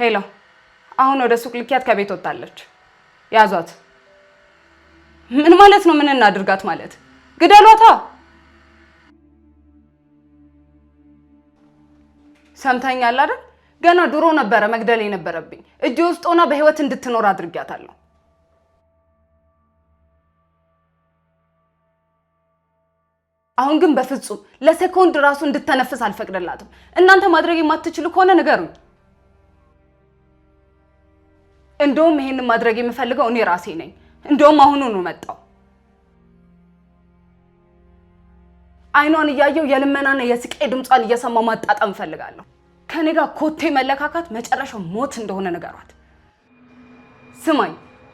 ሄሎ፣ አሁን ወደ ሱቅ ልኪያት ከቤት ወጣለች። ያዟት። ምን ማለት ነው? ምን እናድርጋት ማለት? ግደሏታ። ሰምተኛል አይደል? ገና ድሮ ነበረ መግደል የነበረብኝ። እጅ ውስጥ ሆና በህይወት እንድትኖር አድርጊያታለሁ። አሁን ግን በፍጹም ለሴኮንድ ራሱ እንድተነፍስ አልፈቅደላትም። እናንተ ማድረግ የማትችሉ ከሆነ ንገሩኝ። እንደውም ይሄንን ማድረግ የምፈልገው እኔ ራሴ ነኝ። እንደውም አሁኑኑ መጣው። አይኗን እያየው የልመናና የስቃይ ድምጿን እየሰማው ማጣጣም እፈልጋለሁ። ከኔ ጋር ኮቴ መለካካት መጨረሻው ሞት እንደሆነ ንገሯት። ስማኝ፣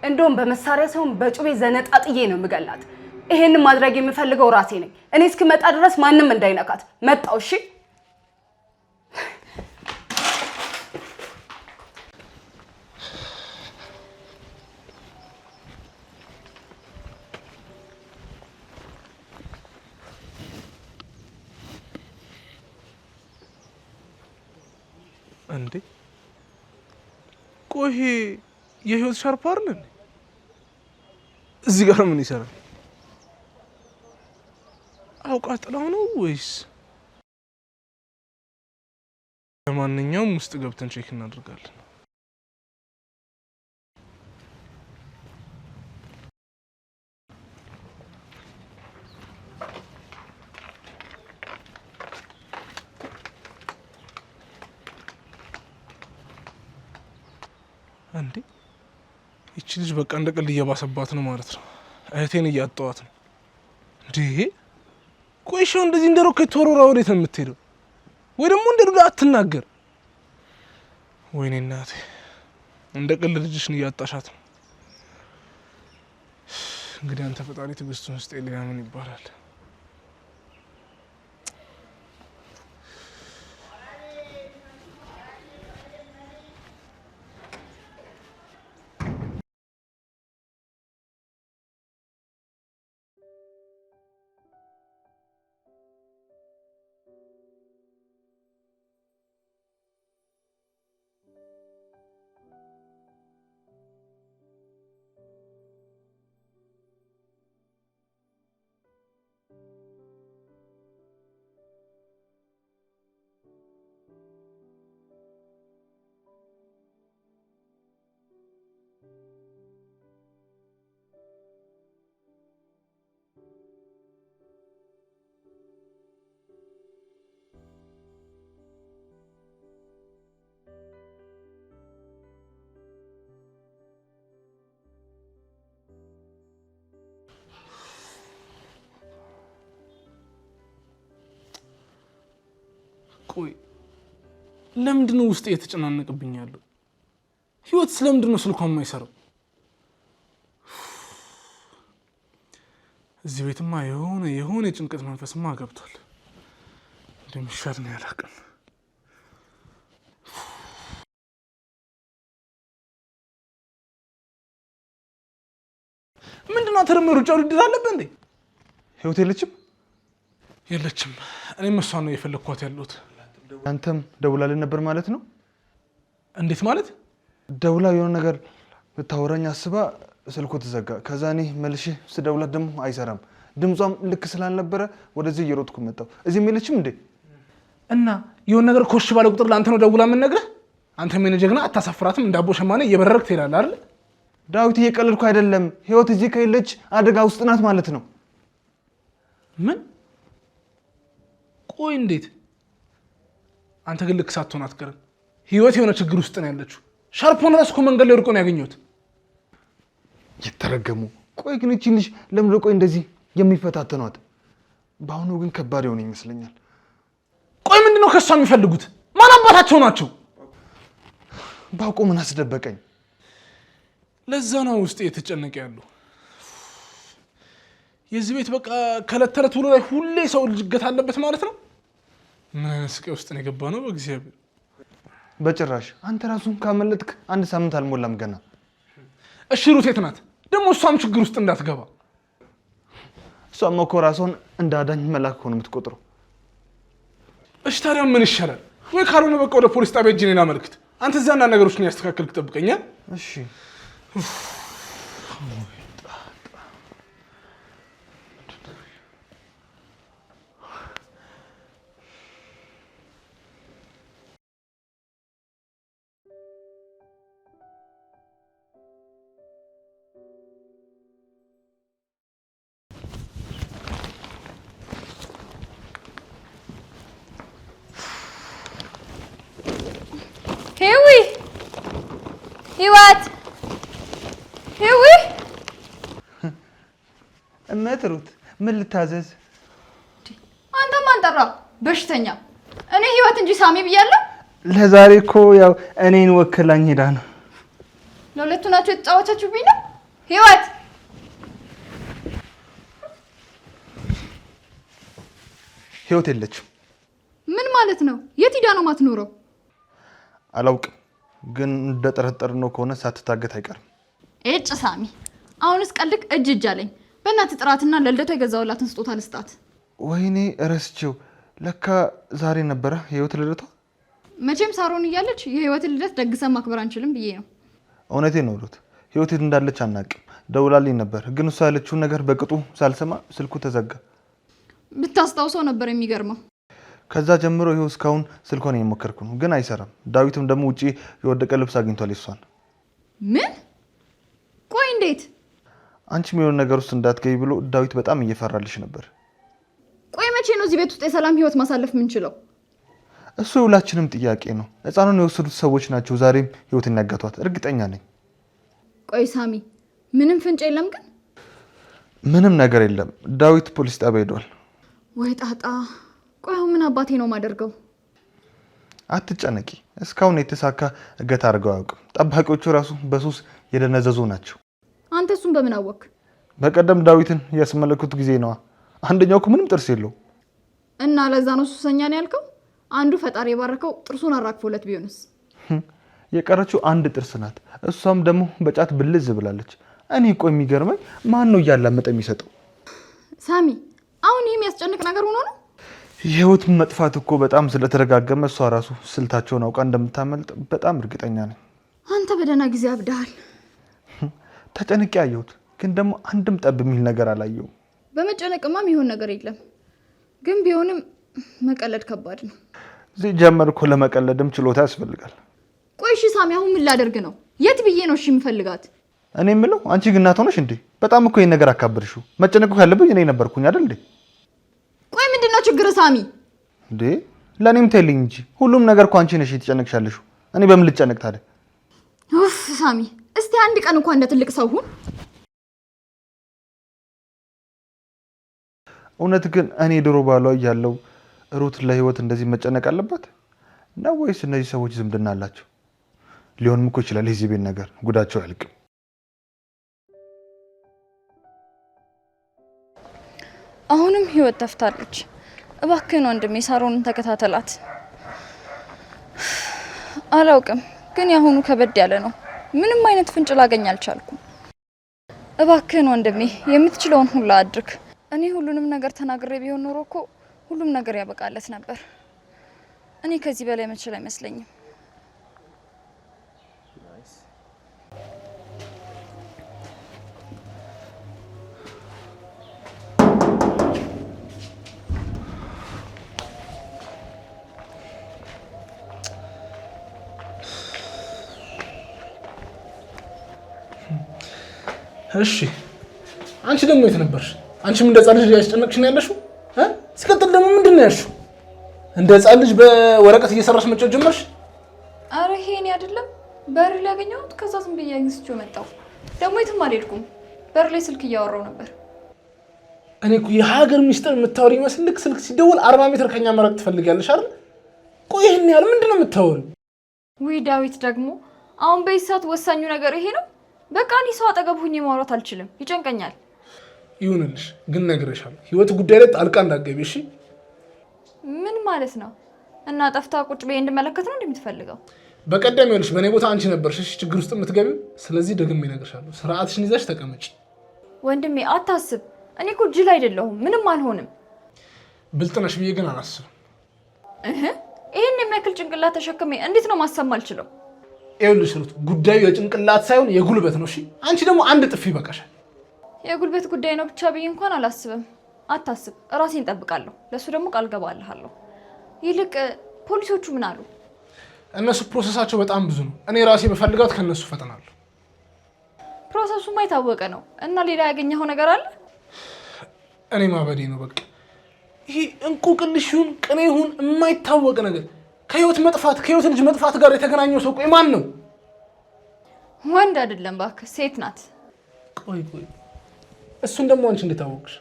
እንደውም በመሳሪያ ሳይሆን በጩቤ ዘነጣጥዬ ነው የምገላት። ይሄንን ማድረግ የምፈልገው ራሴ ነኝ። እኔ እስክመጣ ድረስ ማንም እንዳይነካት። መጣው። እሺ ቆይ ይሄ የህይወት ሻርፕ አይደል? እዚህ ጋር ምን ይሰራል? አውቃ ጥላው ነው ወይስ? ለማንኛውም ውስጥ ገብተን ቼክ እናደርጋለን። በቃ እንደ ቀልድ እየባሰባት ነው ማለት ነው። እህቴን እያጠዋት ነው እንዴ? ቆይሻው እንደዚህ እንደ ሮኬት ተወርውራ ወዴት ነው የምትሄደው? ወይ ደግሞ እንደ ዱዳ አትናገር። ወይኔ እናቴ እንደ ቀልድ ልጅሽን እያጣሻት ነው። እንግዲህ አንተ ፈጣሪ ትዕግስቱን ውስጥ ሌላ ምን ይባላል? ቆይ ነው ውስጥ የተጨናነቅብኝ ያለው? ህይወት ነው ስልኳ የማይሰራው? እዚህ ቤትማ የሆነ የሆነ የጭንቀት መንፈስማ ገብቷል። እንደሚሻል ነው ያላቅም ምንድነው ተረመ ሩጫ ውድድር አለበ እንዴ? ህይወት የለችም የለችም። እኔም እሷን ነው የፈለግኳት ያለሁት። አንተም ደውላልን ነበር ማለት ነው? እንዴት ማለት? ደውላ የሆነ ነገር ታወራኝ አስባ ስልኩ ተዘጋ። ከዛ እኔ መልሼ ስደውላት ደግሞ አይሰራም። ድምጿም ልክ ስላልነበረ ወደዚህ እየሮጥኩ መጣሁ። እዚህ የለችም እንዴ? እና የሆነ ነገር ኮሽ ባለ ቁጥር ለአንተ ነው ደውላ የምንነግርህ። አንተ ጀግና አታሳፍራትም። እንዳቦ ሸማኔ እየበረረግ ትሄዳለህ አይደል? ዳዊት እየቀለድኩ አይደለም። ህይወት እዚህ ከሌለች አደጋ ውስጥ ናት ማለት ነው። ምን? ቆይ እንዴት አንተ ግን ልክ ሳትሆን አትቀርም። ህይወት የሆነ ችግር ውስጥ ነው ያለችው። ሻርፖን ራስ እኮ መንገድ ላይ ርቆ ነው ያገኘሁት። የተረገሙ ቆይ ግን እቺ ልጅ ለምዶ ቆይ እንደዚህ የሚፈታተኗት በአሁኑ ግን ከባድ የሆነ ይመስለኛል። ቆይ ምንድን ነው ከእሷ የሚፈልጉት? ማን አባታቸው ናቸው? ባውቆ ምን አስደበቀኝ? ለዛ ነው ውስጥ የተጨነቀ ያሉ የዚህ ቤት በቃ ከዕለት ተዕለት ውሎ ላይ ሁሌ ሰው ልጅ እገት አለበት ማለት ነው። ምን አይነት ስቃይ ውስጥ ነው የገባ ነው? በእግዚአብሔር በጭራሽ። አንተ ራሱን ካመለጥክ አንድ ሳምንት አልሞላም ገና። እሺ ሩት የት ናት ደግሞ? እሷም ችግር ውስጥ እንዳትገባ። እሷም እኮ ራሷን እንደ አዳኝ መልአክ ሆነ የምትቆጥረው። እሺ ታዲያ ምን ይሻላል? ወይ ካልሆነ በቃ ወደ ፖሊስ ጣቢያ እጅ እኔን አመልክት። አንተ እዚያ አንዳንድ ነገሮችን ያስተካከልክ ጠብቀኛል። እሺ እመትሩት ምን ልታዘዝ? አንተ ማን ጠራ? በሽተኛ እኔ ህይወት እንጂ ሳሚ ብያለሁ። ለዛሬ እኮ ያው እኔን ወክላኝ ሄዳ ነው። ለሁለቱ ናቸው የተጫወተችብኝ ነው ህይወት ህይወት የለችም። ምን ማለት ነው? የት ሂዳ ነው ማትኖረው? አላውቅም፣ ግን እንደ ጠረጠር ነው ከሆነ ሳትታገት አይቀርም። እጭ ሳሚ፣ አሁንስ ቀልቅ እጅ እጅ አለኝ። በእናት ጥራትና ለልደቷ የገዛውላትን ስጦታ ልስጣት። ወይኔ እረስቼው፣ ለካ ዛሬ ነበረ የህይወት ልደቷ። መቼም ሳሮን እያለች የህይወትን ልደት ደግሰን ማክበር አንችልም ብዬ ነው። እውነቴ ነው ሩት፣ ህይወት የት እንዳለች አናቅም። ደውላልኝ ነበር፣ ግን እሷ ያለችውን ነገር በቅጡ ሳልሰማ ስልኩ ተዘጋ። ብታስታውሰው ነበር የሚገርመው። ከዛ ጀምሮ ይኸው እስካሁን ስልኳን የሞከርኩ ነው፣ ግን አይሰራም። ዳዊትም ደግሞ ውጪ የወደቀ ልብስ አግኝቷል ይሷል ምን? ቆይ እንዴት አንቺ የሆነ ነገር ውስጥ እንዳትገቢ ብሎ ዳዊት በጣም እየፈራልሽ ነበር። ቆይ መቼ ነው እዚህ ቤት ውስጥ የሰላም ህይወት ማሳለፍ የምንችለው? እሱ የሁላችንም ጥያቄ ነው። ህፃኑን የወሰዱት ሰዎች ናቸው ዛሬም ህይወት ያጋቷት፣ እርግጠኛ ነኝ። ቆይ ሳሚ፣ ምንም ፍንጭ የለም ግን? ምንም ነገር የለም። ዳዊት ፖሊስ ጣቢያ ሄዷል። ወይ ጣጣ! ቆይ ምን አባቴ ነው ማደርገው? አትጨነቂ፣ እስካሁን የተሳካ እገታ አድርገው አያውቅም። ጠባቂዎቹ ራሱ በሱስ የደነዘዙ ናቸው። አንተ እሱን በምን አወቅ? በቀደም ዳዊትን ያስመለክቱት ጊዜ ነዋ። አንደኛው እኮ ምንም ጥርስ የለው እና ለዛ ነው ሱሰኛ ነው ያልከው። አንዱ ፈጣሪ የባረከው ጥርሱን አራግፎለት ቢሆንስ? የቀረችው አንድ ጥርስ ናት። እሷም ደግሞ በጫት ብልዝ ብላለች። እኔ እኮ የሚገርመኝ ማን ነው እያላመጠ የሚሰጠው? ሳሚ፣ አሁን ይህ የሚያስጨንቅ ነገር ሆኖ ነው። የህይወት መጥፋት እኮ በጣም ስለተደጋገመ እሷ ራሱ ስልታቸውን አውቃ እንደምታመልጥ በጣም እርግጠኛ ነኝ። አንተ በደህና ጊዜ አብደሃል። ተጨንቄ አየሁት፣ ግን ደግሞ አንድም ጠብ የሚል ነገር አላየሁም። በመጨነቅማ የሚሆን ነገር የለም። ግን ቢሆንም መቀለድ ከባድ ነው። እዚህ ጀመር እኮ ለመቀለድም ችሎታ ያስፈልጋል። ቆይ እሺ ሳሚ፣ አሁን ምን ላደርግ ነው? የት ብዬ ነው እሺ የምፈልጋት? እኔ የምለው አንቺ ግን እናት ሆነሽ እንዴ? በጣም እኮ ይህን ነገር አካብድሽው። መጨነቁ ካለብኝ እኔ ነበርኩኝ አይደል እንዴ? ቆይ ምንድን ነው ችግር ሳሚ? እንዴ ለእኔም ተይልኝ እንጂ ሁሉም ነገር እኮ አንቺ ነሽ የተጨነቅሻለሽው። እኔ በምን ልጨነቅ ታዲያ? ኡፍ ሳሚ እስቲ አንድ ቀን እንኳን እንደ ትልቅ ሰው ሁን። እውነት ግን እኔ ድሮ ባሏ እያለሁ ሩት ለህይወት እንደዚህ መጨነቅ አለባት ነው ወይስ እነዚህ ሰዎች ዝምድና አላቸው? ሊሆንም እኮ ይችላል። የዚህ ቤት ነገር ጉዳቸው አያልቅም። አሁንም ህይወት ተፍታለች። እባክህን ወንድሜ ሳሮንን ተከታተላት። አላውቅም ግን ያሁኑ ከበድ ያለ ነው። ምንም አይነት ፍንጭ ላገኝ አልቻልኩም። እባክህን ወንድሜ የምትችለውን ሁላ አድርግ። እኔ ሁሉንም ነገር ተናግሬ ቢሆን ኖሮ እኮ ሁሉም ነገር ያበቃለት ነበር። እኔ ከዚህ በላይ መችል አይመስለኝም። እሺ አንቺ ደግሞ የት ነበርሽ? አንቺም እንደ ህፃን ልጅ ያስጨነቅሽ ነው ያለሽው። ሲቀጥል ደግሞ ምንድን ነው ያልሽው? እንደ ህፃን ልጅ በወረቀት እየሰራሽ መጫወት ጀመርሽ? አረ ይሄ አይደለም በር ላይ ያገኘሁት። ከዛ ዝም ብዬ አግኝቼው መጣሁ። ደግሞ የትም አልሄድኩም። በር ላይ ስልክ እያወራሁ ነበር። እኔ እኮ የሀገር ሚስጥር የምታወሪ ይመስል ልክ ስልክ ሲደውል አርባ ሜትር ከኛ መራቅ ትፈልጊያለሽ አይደል? ቆይ ይህን ያህል ምንድን ነው የምታወሪ? ውይ ዳዊት ደግሞ አሁን በዚህ ሰዓት ወሳኙ ነገር ይሄ ነው። በቃ እኔ ሰው አጠገብ ሁኜ ማውራት አልችልም፣ ይጨንቀኛል። ይሁንልሽ፣ ግን ነግረሻል። ህይወት ጉዳይ ላይ ጣልቃ እንዳትገቢ እሺ። ምን ማለት ነው? እና ጠፍታ ቁጭ ብዬ እንድመለከት ነው እንደምትፈልገው? በቀደም ይኸውልሽ፣ በእኔ ቦታ አንቺ ነበርሽ እሺ ችግር ውስጥ የምትገቢው። ስለዚህ ደግሜ እነግርሻለሁ፣ ስርዓትሽን ይዘሽ ተቀመጭ። ወንድሜ አታስብ፣ እኔ እኮ ጅል አይደለሁም፣ ምንም አልሆንም። ብልጥ ነሽ ብዬ ግን አላስብም። ይህን የሚያክል ጭንቅላት ተሸክሜ እንዴት ነው ማሰማ አልችለው? ይኸውልሽ ሩት፣ ጉዳዩ የጭንቅላት ሳይሆን የጉልበት ነው። እሺ፣ አንቺ ደግሞ አንድ ጥፊ ይበቃሻል። የጉልበት ጉዳይ ነው ብቻ ብዬ እንኳን አላስብም። አታስብ፣ ራሴን እጠብቃለሁ። ለእሱ ደግሞ ቃል ገባልሃለሁ። ይልቅ ፖሊሶቹ ምን አሉ? እነሱ ፕሮሰሳቸው በጣም ብዙ ነው። እኔ ራሴ በፈልጋት ከእነሱ ፈጥናለሁ። ፕሮሰሱ የታወቀ ነው እና ሌላ ያገኘው ነገር አለ? እኔ ማበዴ ነው በቃ። ይሄ እንቁቅልሽ ይሁን ቅኔ ይሁን የማይታወቅ ነገር ከህይወት መጥፋት ከህይወት ልጅ መጥፋት ጋር የተገናኘው ሰው ቆይ ማን ነው? ወንድ አይደለም እባክህ፣ ሴት ናት። ቆይ ቆይ እሱን ደግሞ አንቺ እንዴት አወቅሽ?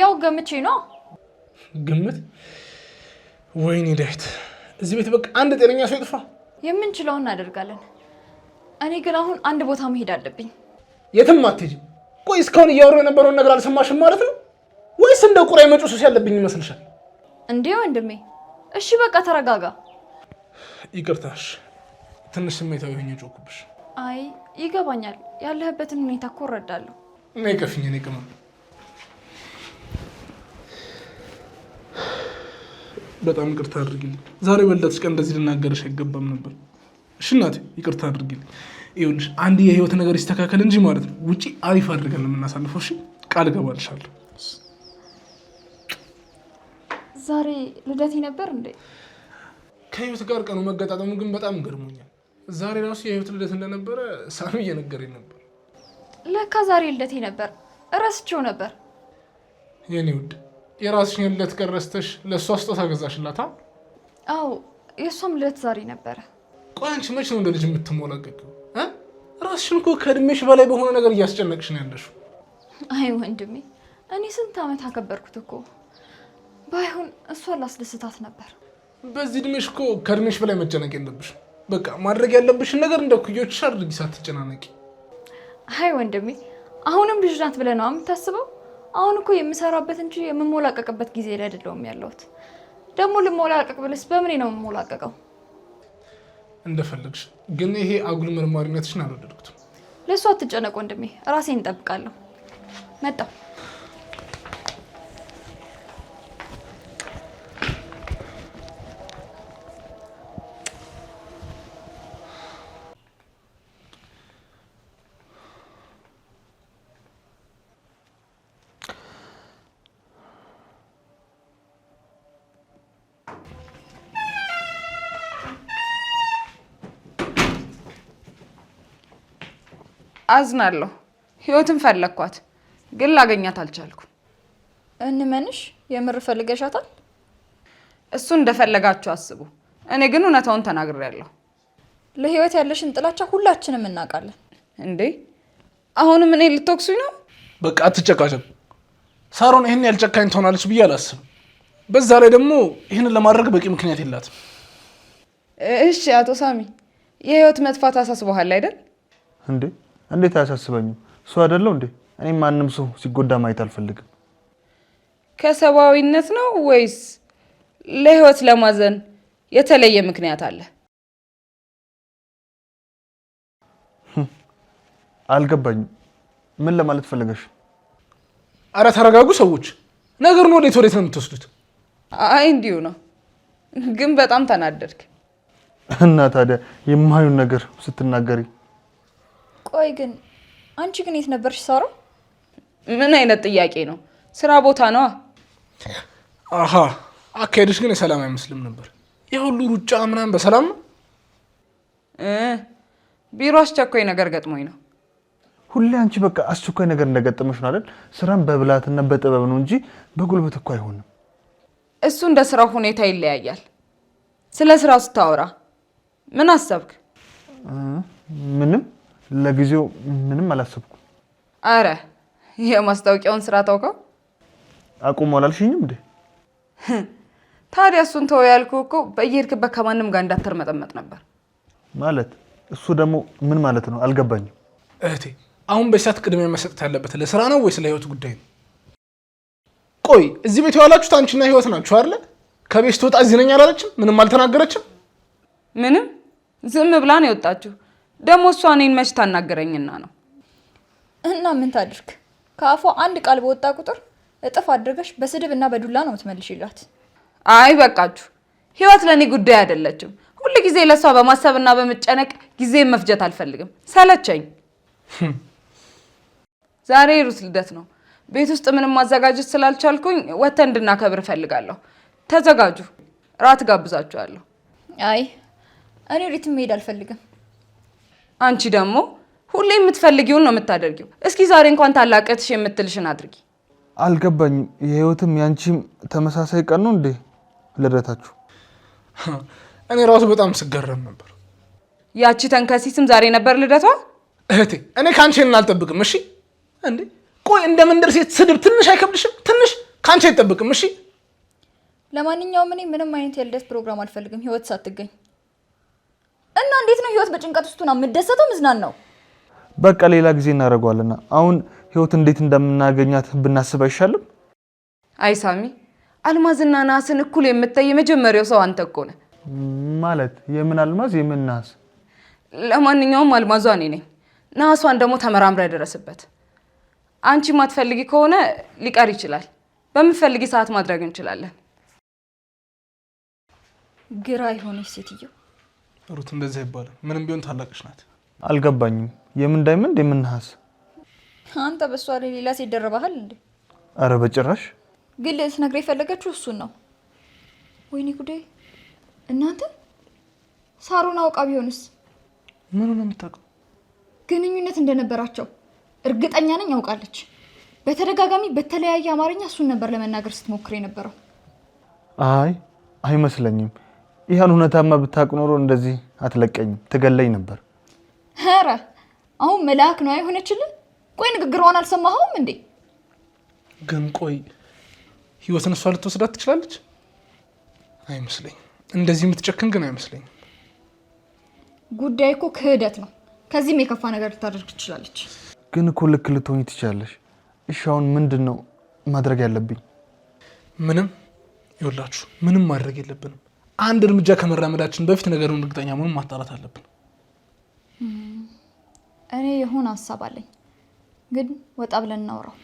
ያው ገምቼ ነው። ግምት? ወይኔ ዳዊት፣ እዚህ ቤት በቃ አንድ ጤነኛ ሰው ይጥፋ። የምንችለውን እናደርጋለን። እኔ ግን አሁን አንድ ቦታ መሄድ አለብኝ። የትም አትሄጂም። ቆይ እስካሁን እያወሩ የነበረውን ነገር አልሰማሽም ማለት ነው? ወይስ እንደ ቁራ የመጩ ሱስ ያለብኝ ይመስልሻል? እንዴ ወንድሜ፣ እሺ በቃ ተረጋጋ። ይቅርታሽ፣ ትንሽ ስሜታዊ ሆኜ ጮኩብሽ። አይ ይገባኛል፣ ያለህበትን ሁኔታ እኮ እረዳለሁ። እና ይቀፍኝ እኔ ቅመም በጣም ይቅርታ አድርጊልኝ። ዛሬ በልደትሽ ቀን እንደዚህ ልናገርሽ አይገባም ነበር። እሺ እናቴ ይቅርታ አድርጊልኝ። ይኸውልሽ አንድ የህይወት ነገር ይስተካከል እንጂ ማለት ነው ውጪ አሪፍ አድርገን የምናሳልፈው። እሺ ቃል እገባልሻለሁ። ዛሬ ልደቴ ነበር እንዴ? ከህይወት ጋር ቀኑ መገጣጠሙ ግን በጣም ገርሞኛል። ዛሬ ራሱ የህይወት ልደት እንደነበረ ሳሚ እየነገረኝ ነበር። ለካ ዛሬ ልደቴ ነበር፣ እረስቼው ነበር። የኔ ውድ የራስሽን ልደት ቀን ረስተሽ ለእሷ ስጦታ ገዛሽላታ? አዎ የእሷም ልደት ዛሬ ነበረ። ቆይ አንቺ መች ነው እንደ ልጅ የምትሞላቀቂው? ራስሽን እኮ ከእድሜሽ በላይ በሆነ ነገር እያስጨነቅሽ ነው ያለሽው። አይ ወንድሜ እኔ ስንት ዓመት አከበርኩት እኮ። ባይሆን እሷን ላስደስታት ነበር። በዚህ እድሜሽ እኮ ከእድሜሽ በላይ መጨነቅ የለብሽ። በቃ ማድረግ ያለብሽን ነገር እንደ ኩዮችሽ አድርጊ፣ ሳትጨናነቂ። አይ ወንድሜ፣ አሁንም ልጅ ናት ብለህ ነው የምታስበው? አሁን እኮ የምሰራበት እንጂ የምሞላቀቅበት ጊዜ ላይ አይደለሁም ያለሁት። ደግሞ ልሞላቀቅ ብልስ በምኔ ነው የምሞላቀቀው? እንደፈለግሽ ግን ይሄ አጉል መርማሪነትሽን አልወደድኩትም። ለእሱ አትጨነቅ ወንድሜ፣ ራሴን እንጠብቃለሁ። መጣሁ አዝናለሁ። ህይወትን ፈለግኳት ግን ላገኛት አልቻልኩ። እንመንሽ፣ የምር ፈልገሻታል? እሱ እንደፈለጋችሁ አስቡ። እኔ ግን እውነታውን ተናግሬያለሁ። ለህይወት ያለሽን ጥላቻ ሁላችንም እናውቃለን። እንዴ አሁንም እኔ ልትወቅሱኝ ነው? በቃ አትጨቃጨም። ሳሮን ይህን ያህል ጨካኝ ትሆናለች ብዬ አላስብ። በዛ ላይ ደግሞ ይህንን ለማድረግ በቂ ምክንያት የላትም። እሺ አቶ ሳሚ፣ የህይወት መጥፋት አሳስበሃል አይደል? እንዴ እንዴት አያሳስበኝም? እሱ አይደለው እንዴ? እኔ ማንም ሰው ሲጎዳ ማየት አልፈልግም። ከሰብአዊነት ነው ወይስ ለህይወት ለማዘን የተለየ ምክንያት አለ? አልገባኝም። ምን ለማለት ፈለገሽ? አረ ተረጋጉ ሰዎች፣ ነገሩን ወዴት ወዴት ነው የምትወስዱት? አይ እንዲሁ ነው። ግን በጣም ተናደድክ እና ታዲያ የማዩን ነገር ስትናገሪ ቆይ ግን አንቺ ግን የት ነበርሽ ሳሮ? ምን አይነት ጥያቄ ነው? ስራ ቦታ ነዋ። አሀ አካሄድሽ ግን የሰላም አይመስልም ነበር። የሁሉ ሩጫ ምናምን በሰላም ነው? ቢሮ አስቸኳይ ነገር ገጥሞኝ ነው። ሁሌ አንቺ በቃ አስቸኳይ ነገር እንደገጠመሽ ነው አይደል? ስራም በብላትና በጥበብ ነው እንጂ በጉልበት እኮ አይሆንም። እሱ እንደ ስራው ሁኔታ ይለያያል። ስለ ስራው ስታወራ ምን አሰብክ? ምንም ለጊዜው ምንም አላሰብኩም። አረ የማስታወቂያውን ስራ ታውቀው አቁሞ አላልሽኝም እንዴ? ታዲያ እሱን ተው ያልኩህ እኮ በየሄድክበት ከማንም ጋር መጠመጥ ነበር። ማለት እሱ ደግሞ ምን ማለት ነው አልገባኝም። እህቴ አሁን በሳት ቅድሚያ መሰጠት ያለበት ለስራ ነው ወይስ ለህይወት ጉዳይ ነው? ቆይ እዚህ ቤት የዋላችሁት አንቺና ህይወት ናችሁ አለ? ከቤት ስትወጣ እዚህ ነኝ አላለችም? ምንም አልተናገረችም? ምንም ዝም ብላ ነው የወጣችሁ። ደግሞ እሷ እኔን መች ታናገረኝና ነው። እና ምን ታድርግ፣ ከአፏ አንድ ቃል በወጣ ቁጥር እጥፍ አድርገሽ በስድብ እና በዱላ ነው ትመልሽላት። አይ በቃችሁ፣ ህይወት ለእኔ ጉዳይ አይደለችም። ሁል ጊዜ ለእሷ በማሰብና በመጨነቅ ጊዜ መፍጀት አልፈልግም፣ ሰለቸኝ። ዛሬ ሩት ልደት ነው። ቤት ውስጥ ምንም ማዘጋጀት ስላልቻልኩኝ ወተን እንድናከብር እፈልጋለሁ። ተዘጋጁ፣ ራት ጋብዛችኋለሁ። አይ እኔ ሪት መሄድ አልፈልግም አንቺ ደግሞ ሁሌ የምትፈልጊውን ነው የምታደርጊው። እስኪ ዛሬ እንኳን ታላቀትሽ የምትልሽን አድርጊ። አልገባኝም። የህይወትም ያንቺም ተመሳሳይ ቀን ነው እንዴ ልደታችሁ? እኔ ራሱ በጣም ስገረም ነበር። ያቺ ተንከሲስም ዛሬ ነበር ልደቷ። እህቴ እኔ ከአንቺ አልጠብቅም። እሺ እንዴ ቆይ እንደ መንደር ሴት ስድብ ትንሽ አይከብድሽም? ትንሽ ከአንቺ አይጠብቅም? እሺ ለማንኛውም እኔ ምንም አይነት የልደት ፕሮግራም አልፈልግም ህይወት ሳትገኝ እና እንዴት ነው ህይወት በጭንቀት ውስጥ ሆና የምደሰተው? ምዝናን ነው በቃ ሌላ ጊዜ እናደርገዋለና አሁን ህይወት እንዴት እንደምናገኛት ብናስብ አይሻልም? አይ ሳሚ፣ አልማዝና ናስን እኩል የምታይ የመጀመሪያው ሰው አንተ እኮ ነህ። ማለት የምን አልማዝ የምን ናስ? ለማንኛውም አልማዟ እኔ ነኝ፣ ነሐሷን ደግሞ ተመራምራ ያደረስበት። አንቺ ማትፈልጊ ከሆነ ሊቀር ይችላል። በምትፈልጊ ሰዓት ማድረግ እንችላለን። ግራ የሆነች ሴትዮ ሩት እንደዚህ ይባላል። ምንም ቢሆን ታላቅሽ ናት። አልገባኝም። የምን ዳይመንድ የምን ነሐስ? አንተ በሷ ላይ ሌላ ሴት ደርበሃል እንዴ? አረ በጭራሽ። ግን ልትነግረኝ የፈለገችው እሱን ነው። ወይኔ ጉዴ! እናንተ ሳሩን አውቃ ቢሆንስ? ምኑ ነው የምታውቀው? ግንኙነት እንደነበራቸው እርግጠኛ ነኝ። አውቃለች። በተደጋጋሚ በተለያየ አማርኛ እሱን ነበር ለመናገር ስትሞክር የነበረው። አይ አይመስለኝም ይህን እውነታማ ብታውቅ ኖሮ እንደዚህ አትለቀኝ ትገለኝ ነበር። ኧረ አሁን መልአክ ነው አይሆነችልን። ቆይ ንግግሯን አልሰማኸውም እንዴ? ግን ቆይ ህይወትን እሷ ልትወስዳት ትችላለች? አይመስለኝ። እንደዚህ የምትጨክን ግን አይመስለኝም። ጉዳይ እኮ ክህደት ነው። ከዚህም የከፋ ነገር ልታደርግ ትችላለች። ግን እኮ ልክ ልትሆኝ ትችላለች። እሺ አሁን ምንድን ነው ማድረግ ያለብኝ? ምንም ይወላችሁ፣ ምንም ማድረግ የለብንም አንድ እርምጃ ከመራመዳችን በፊት ነገሩን እርግጠኛ መሆን ማጣራት አለብን። እኔ የሆነ ሀሳብ አለኝ፣ ግን ወጣ ብለን እናውራው።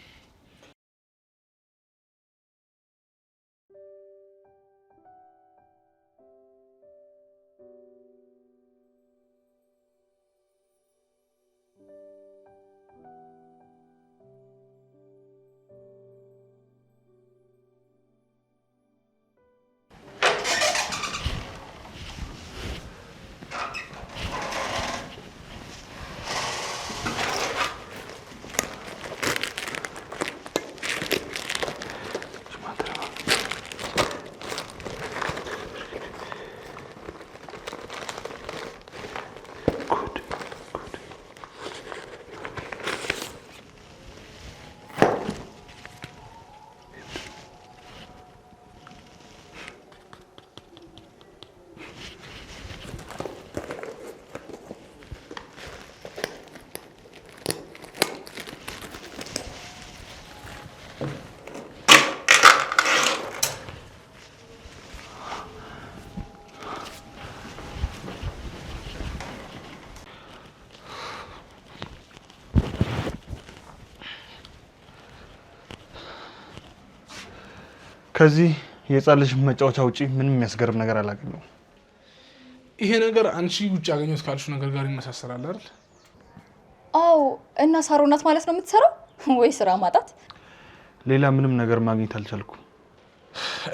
ከዚህ የህፃን ልጅ መጫወቻ ውጪ ምንም የሚያስገርም ነገር አላገኘሁም። ይሄ ነገር አንቺ ውጭ ያገኘሁት ካልሹ ነገር ጋር ይመሳሰላል አይደል? አዎ። እና ሳሮ ናት ማለት ነው የምትሰራው? ወይ ስራ ማጣት። ሌላ ምንም ነገር ማግኘት አልቻልኩም።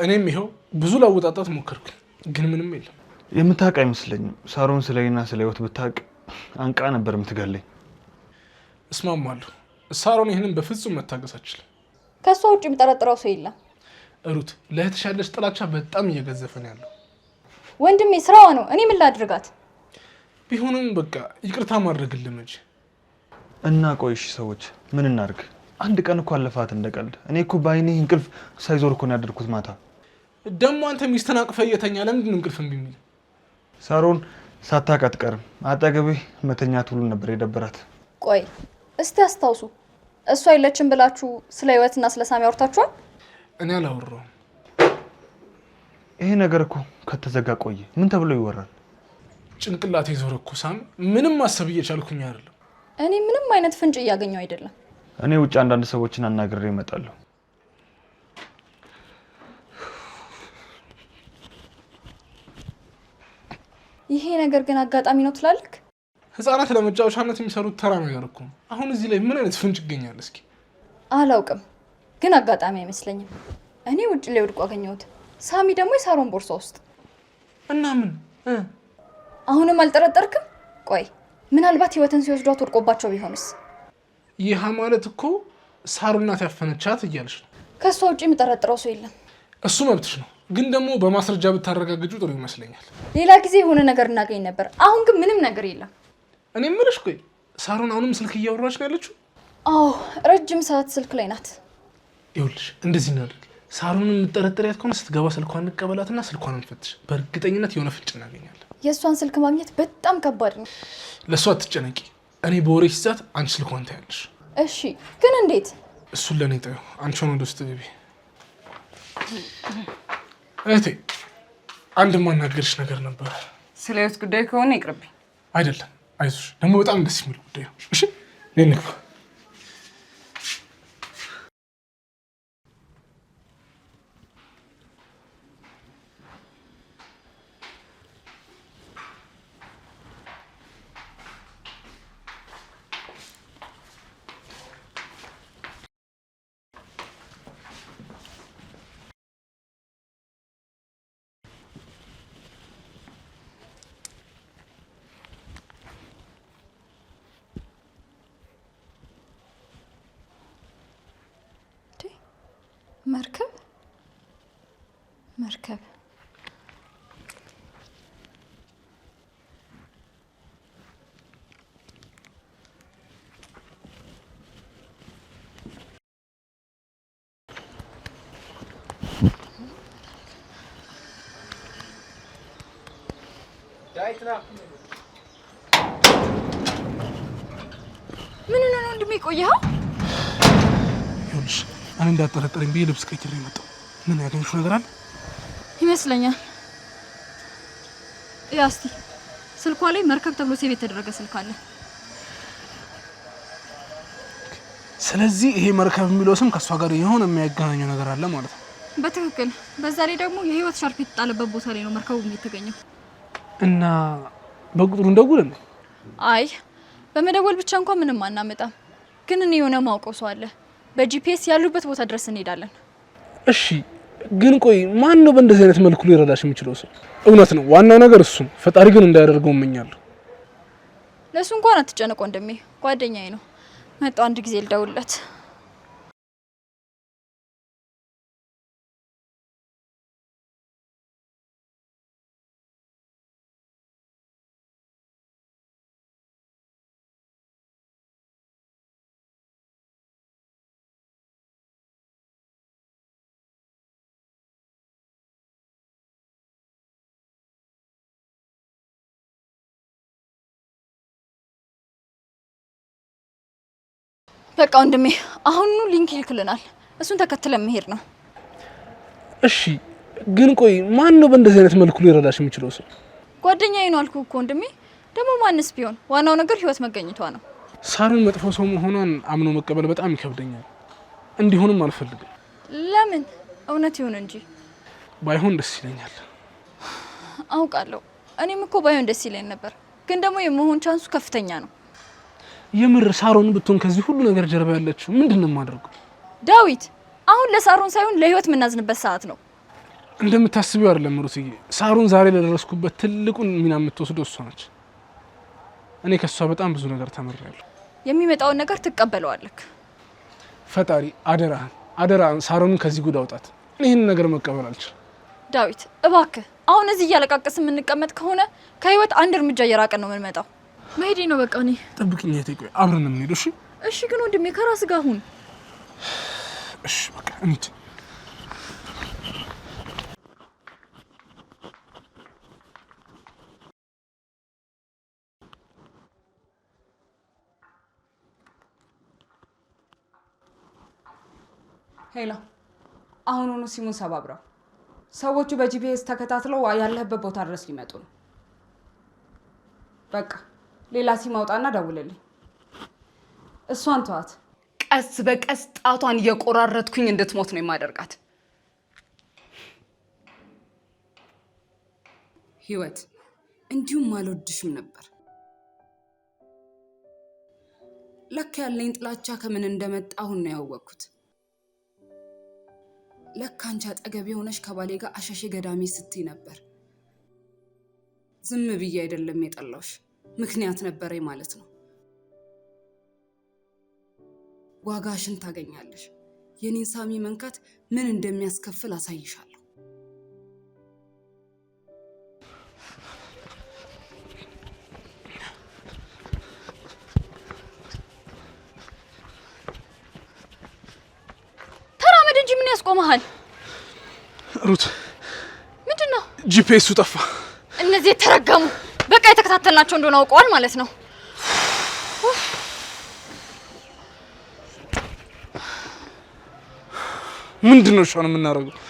እኔም ይኸው ብዙ ላወጣጣት ሞከርኩ፣ ግን ምንም የለም። የምታውቅ አይመስለኝም። ሳሮን ስለኔና ስለ ህይወት ብታውቅ አንቃ ነበር የምትገለኝ። እስማማለሁ። ሳሮን ይህንን በፍጹም መታገስ አችልም። ከእሷ ውጭ የምጠረጥረው ሰው የለም። ሩት ለእህትሽ ያለሽ ጥላቻ በጣም እየገዘፈ ነው ያለው። ወንድሜ ስራዋ ነው። እኔ ምን ላድርጋት? ቢሆንም በቃ ይቅርታ ማድረግ ልመጅ እና ቆይሽ ሰዎች ምን እናርግ? አንድ ቀን እኮ አለፋት እንደ ቀልድ። እኔ እኮ በአይኔ እንቅልፍ ሳይዞር እኮ ነው ያደርኩት። ማታ ደግሞ አንተ ሚስትን አቅፈ እየተኛ ለምንድን እንቅልፍ እምቢ የሚል? ሳሮን ሳታውቅ አትቀርም። አጠገቤ መተኛት ሁሉ ነበር የደበራት። ቆይ እስቲ አስታውሱ፣ እሷ የለችም ብላችሁ ስለ ህይወትና ስለ ሳሚ አውርታችኋል? እኔ አላወራሁም። ይሄ ነገር እኮ ከተዘጋ ቆየ። ምን ተብሎ ይወራል? ጭንቅላቴ ዞረ እኮ ሳም። ምንም ማሰብ እየቻልኩኝ አይደለም። እኔ ምንም አይነት ፍንጭ እያገኘው አይደለም። እኔ ውጭ አንዳንድ ሰዎችን አናግሬ እመጣለሁ። ይሄ ነገር ግን አጋጣሚ ነው ትላልክ? ህጻናት ለመጫወቻነት የሚሰሩት ተራ ነገር እኮ። አሁን እዚህ ላይ ምን አይነት ፍንጭ ይገኛል? እስኪ አላውቅም ግን አጋጣሚ አይመስለኝም። እኔ ውጭ ላይ ወድቆ አገኘሁት፣ ሳሚ ደግሞ የሳሮን ቦርሳ ውስጥ እና ምን አሁንም አልጠረጠርክም? ቆይ ምናልባት ህይወትን ሲወስዷት ወድቆባቸው ቢሆንስ? ይህ ማለት እኮ ሳሩና ያፈነቻት እያለች ነው። ከእሷ ውጭ የምጠረጥረው ሰው የለም። እሱ መብትሽ ነው፣ ግን ደግሞ በማስረጃ ብታረጋግጁ ጥሩ ይመስለኛል። ሌላ ጊዜ የሆነ ነገር እናገኝ ነበር። አሁን ግን ምንም ነገር የለም። እኔ የምልሽ ቆይ ሳሩን አሁንም ስልክ እያወራች ነው ያለችው? አዎ ረጅም ሰዓት ስልክ ላይ ናት። ይኸውልሽ እንደዚህ እናደርግ። ሳሩን የምጠረጠሪያት ከሆነ ስትገባ ስልኳን እንቀበላትና ስልኳን እንፈትሽ። በእርግጠኝነት የሆነ ፍንጭ እናገኛለን። የእሷን ስልክ ማግኘት በጣም ከባድ ነው። ለእሷ አትጨነቂ። እኔ በወሬ ሲዛት አንቺ ስልኳን ታያለሽ። እሺ፣ ግን እንዴት? እሱን ለእኔ ጠዩ። አንቺን ወደ ውስጥ ግቢ። እህቴ፣ አንድ ማናገርሽ ነገር ነበር። ስለ ጉዳይ ከሆነ ይቅርብኝ። አይደለም፣ አይዞሽ። ደግሞ በጣም ደስ የሚል ጉዳይ ነው። እሺ፣ ሌንግባ መርከብ መርከብ ምን ነው ወንድሜ ቆየኸው? እኔ እንዳጠረጠረኝ ብዬ ልብስ ቀይሬ መጣሁ። ምን ያገኘሽው ነገር አለ ይመስለኛል። ያ እስቲ ስልኳ ላይ መርከብ ተብሎ ሴቭ የተደረገ ስልክ አለ። ስለዚህ ይሄ መርከብ የሚለው ስም ከእሷ ጋር የሆነ የሚያገናኘው ነገር አለ ማለት ነው። በትክክል በዛ ላይ ደግሞ የህይወት ሻርፕ የተጣለበት ቦታ ላይ ነው መርከቡ የተገኘው። እና በቁጥሩ እንደጉል አይ በመደወል ብቻ እንኳን ምንም አናመጣም፣ ግን እኔ የሆነ ማውቀው ሰው አለ በጂፒኤስ ያሉበት ቦታ ድረስ እንሄዳለን። እሺ፣ ግን ቆይ ማን ነው በእንደዚህ አይነት መልኩ ሊረዳሽ የሚችለው ሰው? እውነት ነው፣ ዋናው ነገር እሱ። ፈጣሪ ግን እንዳያደርገው እመኛለሁ። ለእሱ እንኳን አትጨነቆ፣ እንደሚ ጓደኛዬ ነው። መጣ አንድ ጊዜ ልደውልለት። በቃ ወንድሜ አሁኑ ሊንክ ይልክልናል። እሱን ተከትለን መሄድ ነው። እሺ ግን ቆይ ማን ነው በእንደዚህ አይነት መልኩ ሊረዳሽ የሚችለው ሰው? ጓደኛዬ ነው አልኩ እኮ ወንድሜ። ደግሞ ማንስ ቢሆን ዋናው ነገር ህይወት መገኘቷ ነው። ሳሩን መጥፎ ሰው መሆኗን አምኖ መቀበል በጣም ይከብደኛል። እንዲሆንም አልፈልግም። ለምን? እውነት ይሁን እንጂ ባይሆን ደስ ይለኛል። አውቃለሁ። እኔም እኮ ባይሆን ደስ ይለኝ ነበር፣ ግን ደግሞ የመሆን ቻንሱ ከፍተኛ ነው። የምር ሳሮን ብትሆን ከዚህ ሁሉ ነገር ጀርባ ያለችው ምንድን ነው የማደርገው? ዳዊት አሁን ለሳሮን ሳይሆን ለህይወት የምናዝንበት ሰዓት ነው። እንደምታስቢው አይደለም ሩትዬ። ሳሮን ዛሬ ለደረስኩበት ትልቁን ሚና የምትወስደው እሷ ነች። እኔ ከእሷ በጣም ብዙ ነገር ተምሬያለሁ። የሚመጣውን ነገር ትቀበለዋለክ። ፈጣሪ አደራህን፣ አደራህን ሳሮንን ከዚህ ጉድ አውጣት። ይህን ነገር መቀበል አልችል። ዳዊት እባክህ አሁን እዚህ እያለቃቀስ የምንቀመጥ ከሆነ ከህይወት አንድ እርምጃ እየራቀን ነው የምንመጣው። መሄዴ ነው በቃ። እኔ ጠብቅኝ እህቴ፣ ቆይ አብረን ነው የምንሄደው። እሺ እሺ። ግን ወንድሜ ከራስ ጋር ሁን። እሺ በቃ እንሂድ። ሄላ አሁን ሆኖ ሲሙን ሰባብረው ሰዎቹ በጂፒኤስ ተከታትለው ያለህበት ቦታ ድረስ ሊመጡ ነው። በቃ ሌላ ሲማውጣና ደውልልኝ። እሷን ተዋት። ቀስ በቀስ ጣቷን እየቆራረጥኩኝ እንድትሞት ነው የማደርጋት። ህይወት፣ እንዲሁም አልወድሽም ነበር። ለካ ያለኝ ጥላቻ ከምን እንደመጣ አሁን ነው ያወቅኩት። ለካ አንቺ አጠገቤ ሆነሽ ከባሌ ጋር አሸሼ ገዳሜ ስትይ ነበር። ዝም ብዬ አይደለም የጠላውሽ ምክንያት ነበረኝ ማለት ነው። ዋጋሽን ታገኛለሽ። የኔን ሳሚ መንካት ምን እንደሚያስከፍል አሳይሻለሁ። ያስቆመሃል? ሩት ምንድን ነው? ጂፒኤሱ ጠፋ። እነዚህ የተረገሙ በቃ የተከታተልናቸው እንደሆነ አውቀዋል ማለት ነው። ምንድን ነው እሷን የምናደርገው?